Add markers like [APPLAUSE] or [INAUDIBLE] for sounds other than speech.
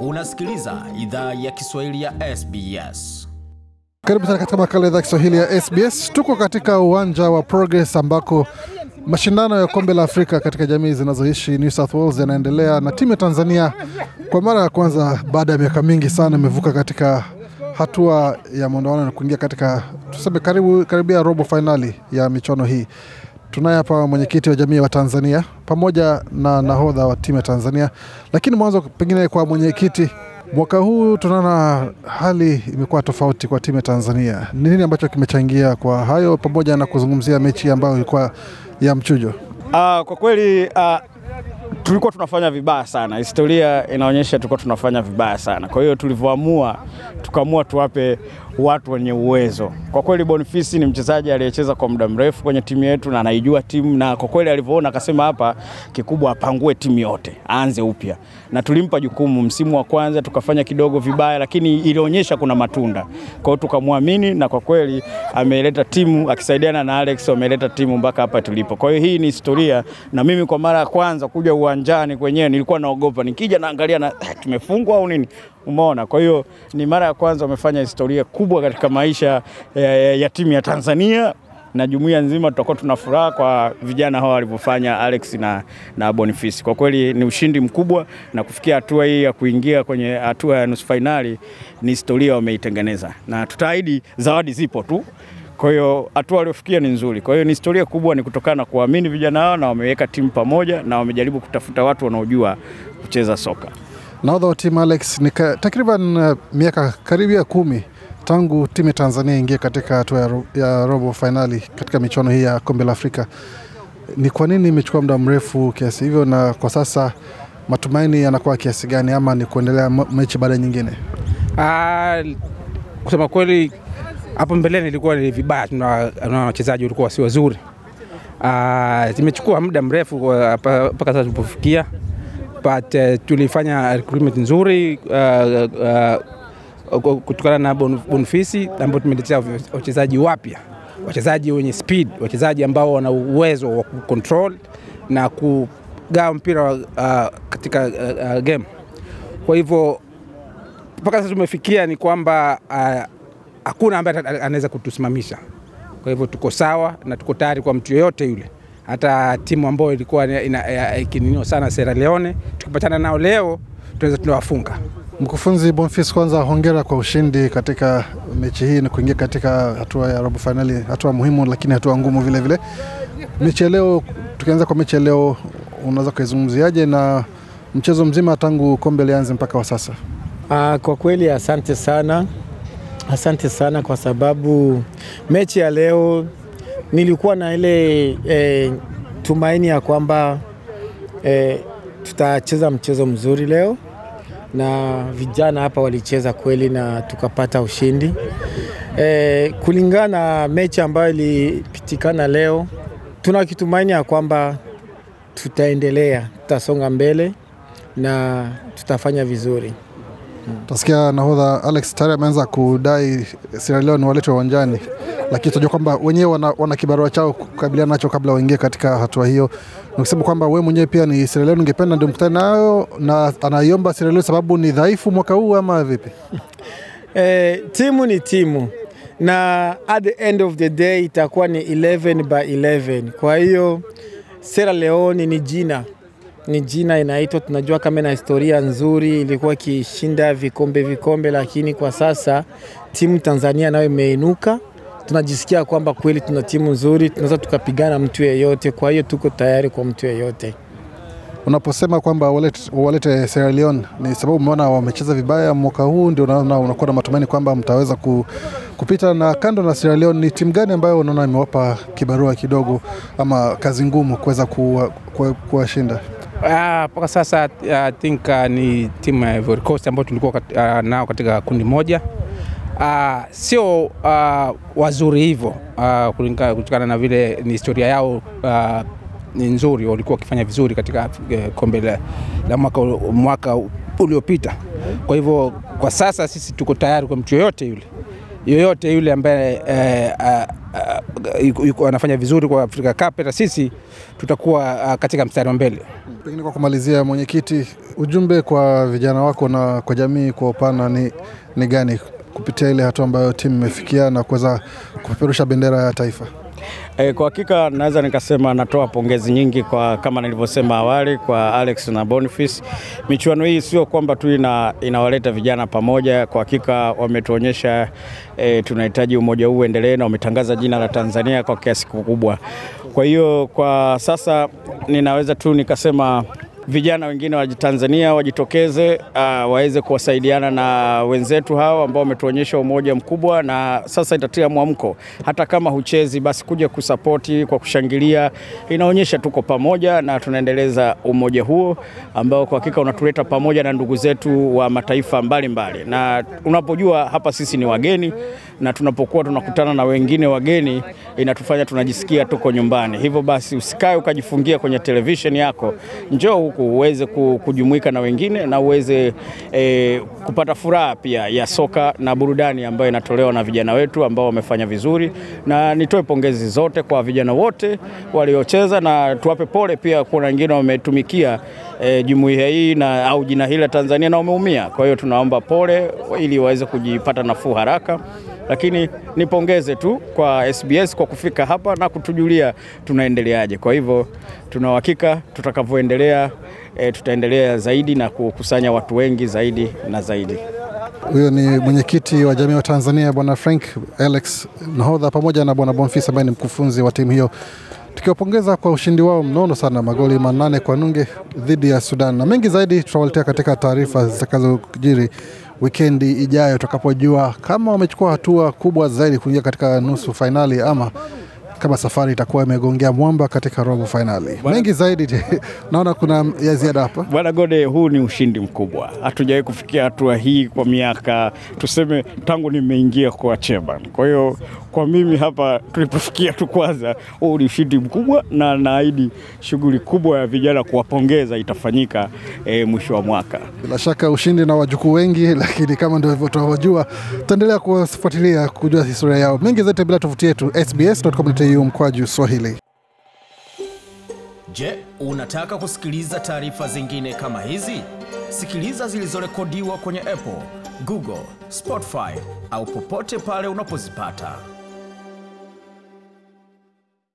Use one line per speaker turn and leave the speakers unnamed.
Unasikiliza idhaa ya Kiswahili ya SBS.
Karibu sana katika makala idhaa ya Kiswahili ya SBS. Tuko katika uwanja wa Progress ambako mashindano ya kombe la Afrika katika jamii zinazoishi New South Wales yanaendelea na timu ya Tanzania kwa mara ya kwanza baada ya miaka mingi sana imevuka katika hatua ya mwandowano na kuingia katika tuseme, karibu karibia robo fainali ya michuano hii. Tunaye hapa mwenyekiti wa jamii wa Tanzania pamoja na nahodha wa timu ya Tanzania. Lakini mwanzo, pengine kwa mwenyekiti, mwaka huu tunaona hali imekuwa tofauti kwa timu ya Tanzania. Ni nini ambacho kimechangia kwa hayo, pamoja na kuzungumzia mechi ambayo ilikuwa ya mchujo? Uh,
kwa kweli uh, tulikuwa tunafanya vibaya sana, historia inaonyesha tulikuwa tunafanya vibaya sana. Kwa hiyo tulivyoamua, tukaamua tuwape watu wenye uwezo. Kwa kweli Bonifisi ni mchezaji aliyecheza kwa muda mrefu kwenye timu yetu na anaijua timu, na kwa kweli alivyoona akasema hapa kikubwa apangue timu yote, aanze upya, na tulimpa jukumu. Msimu wa kwanza tukafanya kidogo vibaya, lakini ilionyesha kuna matunda, kwa hiyo tukamwamini, na kwa kweli ameleta timu akisaidiana na Alex, ameleta timu mpaka hapa tulipo. Kwa hiyo hii ni historia, na mimi kwa mara ya kwanza kuja uwanjani kwenyewe nilikuwa naogopa, nikija naangalia na, ah, tumefungwa au nini Umeona, kwa hiyo ni mara ya kwanza wamefanya historia kubwa katika maisha ya, ya, ya timu ya Tanzania na jumuiya nzima. Tutakuwa tuna furaha kwa vijana hao walivyofanya, Alex na, na Boniface. Kwa kweli ni ushindi mkubwa, na kufikia hatua hii ya kuingia kwenye hatua ya nusu fainali ni historia wameitengeneza, na tutaahidi zawadi zipo tu. Kwa hiyo hatua waliofikia ni nzuri. Kwa hiyo ni historia kubwa, ni kutokana na kuamini vijana hao, na wameweka timu pamoja, na wamejaribu kutafuta watu wanaojua kucheza soka.
Nahodha wa timu Alex ni takriban uh, miaka ya kumi tangu timu ya Tanzania ingie katika hatua ya, ro ya robo fainali katika michuano hii ya kombe la Afrika. Ni kwa nini imechukua muda mrefu kiasi hivyo, na kwa sasa matumaini yanakuwa kiasi gani, ama ni kuendelea mechi baada nyingine?
Ah, kusema kweli, hapo mbeleni ilikuwa ni vibaya, tuna wachezaji walikuwa si wazuri. Ah, zimechukua muda mrefu mpaka sasa tulipofikia but uh, tulifanya recruitment nzuri uh, uh, uh, kutokana na Bonfisi ambao tumeletea wachezaji wapya, wachezaji wenye speed, wachezaji ambao wana uwezo wa control na kugawa mpira uh, katika uh, uh, game. Kwa hivyo mpaka sasa tumefikia ni kwamba uh, hakuna ambaye anaweza kutusimamisha. Kwa hivyo tuko sawa na tuko tayari kwa mtu yoyote yule hata timu ambayo ilikuwa ikininio sana Sierra Leone, tukipatana nao leo tunaweza tunawafunga.
Mkufunzi Bonfils, kwanza hongera kwa ushindi katika mechi hii na kuingia katika hatua ya robo fainali, hatua muhimu lakini hatua ngumu vile vile. Mechi ya leo, tukianza kwa mechi ya leo, unaweza kuizungumziaje na mchezo mzima tangu kombe lianze mpaka wa sasa?
Aa, ah, kwa kweli asante sana, asante sana kwa sababu mechi ya leo nilikuwa na ile e, tumaini ya kwamba e, tutacheza mchezo mzuri leo na vijana hapa walicheza kweli na tukapata ushindi. E, kulingana na mechi ambayo ilipitikana leo, tuna kitumaini ya kwamba
tutaendelea, tutasonga mbele na tutafanya vizuri. Tasikia nahodha Alex tayari ameanza kudai Sierra Leone waletwe uwanjani lakini tunajua kwamba wenyewe wana, wana kibarua chao kukabiliana nacho kabla waingie katika hatua hiyo. Nikisema kwamba wewe mwenyewe pia ni Sierra Leone ungependa ndio mkutane nayo na anaiomba Sierra Leone sababu ni dhaifu mwaka huu ama vipi? [LAUGHS] Eh, timu ni timu na
at the end of the day itakuwa ni 11 by 11. Kwa hiyo Sierra Leone ni jina ni jina inaitwa, tunajua kama ina historia nzuri, ilikuwa ikishinda vikombe vikombe, lakini kwa sasa timu Tanzania nayo imeinuka tunajisikia kwamba kweli tuna timu nzuri, tunaweza tukapigana mtu yeyote. Kwa hiyo tuko tayari kwa mtu yeyote.
Unaposema kwamba walete, walete Sierra Leone ni sababu umeona wamecheza vibaya mwaka huu, ndio unaona unakuwa na matumaini kwamba mtaweza ku, kupita. Na kando na Sierra Leone, ni timu gani ambayo unaona imewapa kibarua kidogo ama kazi ngumu kuweza kuwashinda?
Ah, mpaka uh, sasa I think uh, ni timu ya Ivory Coast ambayo tulikuwa kat, uh, nao katika kundi moja uh, sio uh, wazuri hivyo uh, kutokana na vile ni historia yao uh, ni nzuri, walikuwa wakifanya vizuri katika uh, kombe la, la mwaka, mwaka uliopita. Kwa hivyo kwa sasa sisi tuko tayari kwa mtu yoyote yule yoyote yule ambaye eh, anafanya vizuri kwa Afrika Cup, na sisi tutakuwa uh, katika mstari wa mbele.
Pengine kwa kumalizia, mwenyekiti, ujumbe kwa vijana wako na kwa jamii kwa upana ni, ni gani? kupitia ile hatua ambayo timu imefikia na kuweza kupeperusha bendera ya taifa.
E, kwa hakika naweza nikasema natoa pongezi nyingi kwa kama nilivyosema awali kwa Alex na Boniface. Michuano hii sio kwamba tu ina, inawaleta vijana pamoja. Kwa hakika wametuonyesha e, tunahitaji umoja huu endelee na wametangaza jina la Tanzania kwa kiasi kikubwa. Kwa hiyo kwa sasa ninaweza tu nikasema vijana wengine wa Tanzania wajitokeze, uh, waweze kuwasaidiana na wenzetu hao ambao wametuonyesha umoja mkubwa, na sasa itatia mwamko. Hata kama huchezi, basi kuja kusapoti kwa kushangilia, inaonyesha tuko pamoja na tunaendeleza umoja huo ambao kwa hakika unatuleta pamoja na ndugu zetu wa mataifa mbalimbali mbali. Na unapojua hapa sisi ni wageni na tunapokuwa tunakutana na wengine wageni inatufanya tunajisikia tuko nyumbani. Hivyo basi usikae ukajifungia kwenye television yako, njoo huku uweze kujumuika na wengine na uweze e, kupata furaha pia ya soka na burudani ambayo inatolewa na vijana wetu ambao wamefanya vizuri, na nitoe pongezi zote kwa vijana wote waliocheza, na tuwape pole pia, kuna wengine wametumikia e, jumuiya hii na au jina hili la Tanzania na wameumia. Kwa hiyo tunaomba pole ili waweze kujipata nafuu haraka lakini nipongeze tu kwa SBS kwa kufika hapa na kutujulia tunaendeleaje. Kwa hivyo tuna uhakika tutakavyoendelea, e, tutaendelea zaidi na kukusanya watu wengi zaidi na zaidi.
Huyo ni mwenyekiti wa jamii wa Tanzania Bwana Frank Alex Nahodha pamoja na Bwana Bonfis ambaye ni mkufunzi wa timu hiyo, tukiwapongeza kwa ushindi wao mnono sana, magoli manane kwa nunge dhidi ya Sudan, na mengi zaidi tutawaletea katika taarifa zitakazojiri wikendi ijayo, tutakapojua kama wamechukua hatua kubwa zaidi kuingia katika nusu fainali ama kama safari itakuwa imegongea mwamba katika robo fainali. Mengi zaidi [LAUGHS] naona kuna ya ziada hapa.
Bwana Gode, huu ni ushindi mkubwa, hatujawahi kufikia hatua hii kwa miaka tuseme, tangu nimeingia kwa Cheban. Kwa hiyo kwa mimi hapa tulipofikia tu kwanza, huu ni ushindi mkubwa, na naahidi shughuli kubwa ya vijana kuwapongeza itafanyika e, mwisho wa mwaka.
Bila shaka ushindi na wajukuu wengi, [LAUGHS] lakini kama ndio hivyo tunavyojua, tutaendelea kuwafuatilia kujua historia yao. Mengi zaidi bila tovuti yetu sbs.com au mkwaju Swahili.
Je, unataka kusikiliza taarifa zingine kama hizi? Sikiliza zilizorekodiwa kwenye Apple, Google, Spotify au popote pale unapozipata.